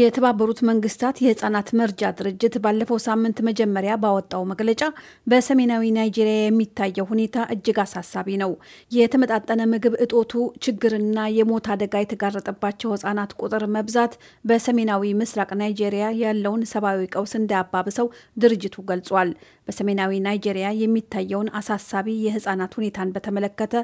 የተባበሩት መንግስታት የህፃናት መርጃ ድርጅት ባለፈው ሳምንት መጀመሪያ ባወጣው መግለጫ በሰሜናዊ ናይጄሪያ የሚታየው ሁኔታ እጅግ አሳሳቢ ነው። የተመጣጠነ ምግብ እጦቱ ችግርና የሞት አደጋ የተጋረጠባቸው ህጻናት ቁጥር መብዛት በሰሜናዊ ምስራቅ ናይጄሪያ ያለውን ሰብአዊ ቀውስ እንዳያባብሰው ድርጅቱ ገልጿል። በሰሜናዊ ናይጄሪያ የሚታየውን አሳሳቢ የህጻናት ሁኔታን በተመለከተ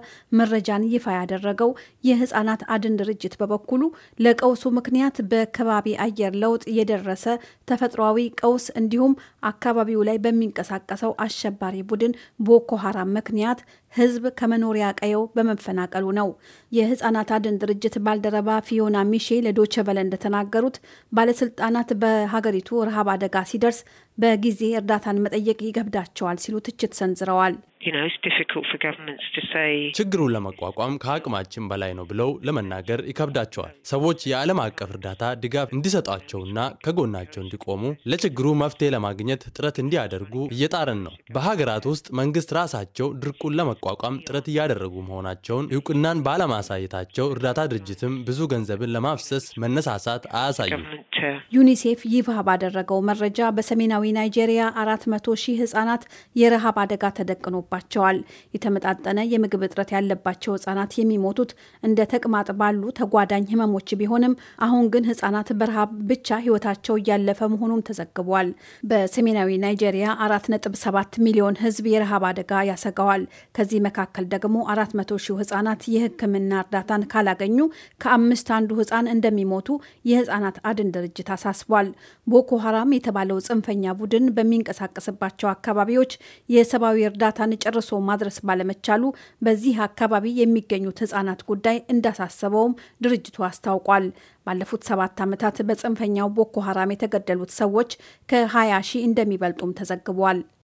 መረጃን ይፋ ያደረገው የህጻናት አድን ድርጅት በበኩሉ ለቀውሱ ምክንያት በከባቢ የአየር ለውጥ የደረሰ ተፈጥሯዊ ቀውስ እንዲሁም አካባቢው ላይ በሚንቀሳቀሰው አሸባሪ ቡድን ቦኮ ሀራም ምክንያት ህዝብ ከመኖሪያ ቀየው በመፈናቀሉ ነው። የህፃናት አድን ድርጅት ባልደረባ ፊዮና ሚሼ ለዶቸ በለ እንደተናገሩት ባለስልጣናት በሀገሪቱ ረሃብ አደጋ ሲደርስ በጊዜ እርዳታን መጠየቅ ይገብዳቸዋል ሲሉ ትችት ሰንዝረዋል። ችግሩን ለመቋቋም ከአቅማችን በላይ ነው ብለው ለመናገር ይከብዳቸዋል። ሰዎች የዓለም አቀፍ እርዳታ ድጋፍ እንዲሰጧቸውና ከጎናቸው እንዲቆሙ ለችግሩ መፍትሄ ለማግኘት ጥረት እንዲያደርጉ እየጣርን ነው። በሀገራት ውስጥ መንግስት ራሳቸው ድርቁን ለመ ለማቋቋም ጥረት እያደረጉ መሆናቸውን እውቅናን ባለማሳየታቸው እርዳታ ድርጅትም ብዙ ገንዘብን ለማፍሰስ መነሳሳት አያሳዩም። ዩኒሴፍ ይፋ ባደረገው መረጃ በሰሜናዊ ናይጄሪያ 400 ሺህ ህጻናት የረሃብ አደጋ ተደቅኖባቸዋል። የተመጣጠነ የምግብ እጥረት ያለባቸው ህጻናት የሚሞቱት እንደ ተቅማጥ ባሉ ተጓዳኝ ህመሞች ቢሆንም አሁን ግን ህጻናት በረሃብ ብቻ ህይወታቸው እያለፈ መሆኑም ተዘግቧል። በሰሜናዊ ናይጄሪያ 4.7 ሚሊዮን ህዝብ የረሃብ አደጋ ያሰጋዋል። ከነዚህ መካከል ደግሞ 400 መቶ ሺህ ህጻናት የህክምና እርዳታን ካላገኙ ከአምስት አንዱ ህጻን እንደሚሞቱ የህጻናት አድን ድርጅት አሳስቧል። ቦኮ ሀራም የተባለው ጽንፈኛ ቡድን በሚንቀሳቀስባቸው አካባቢዎች የሰብአዊ እርዳታን ጨርሶ ማድረስ ባለመቻሉ በዚህ አካባቢ የሚገኙት ህጻናት ጉዳይ እንዳሳሰበውም ድርጅቱ አስታውቋል። ባለፉት ሰባት ዓመታት በጽንፈኛው ቦኮ ሀራም የተገደሉት ሰዎች ከ20 ሺህ እንደሚበልጡም ተዘግቧል።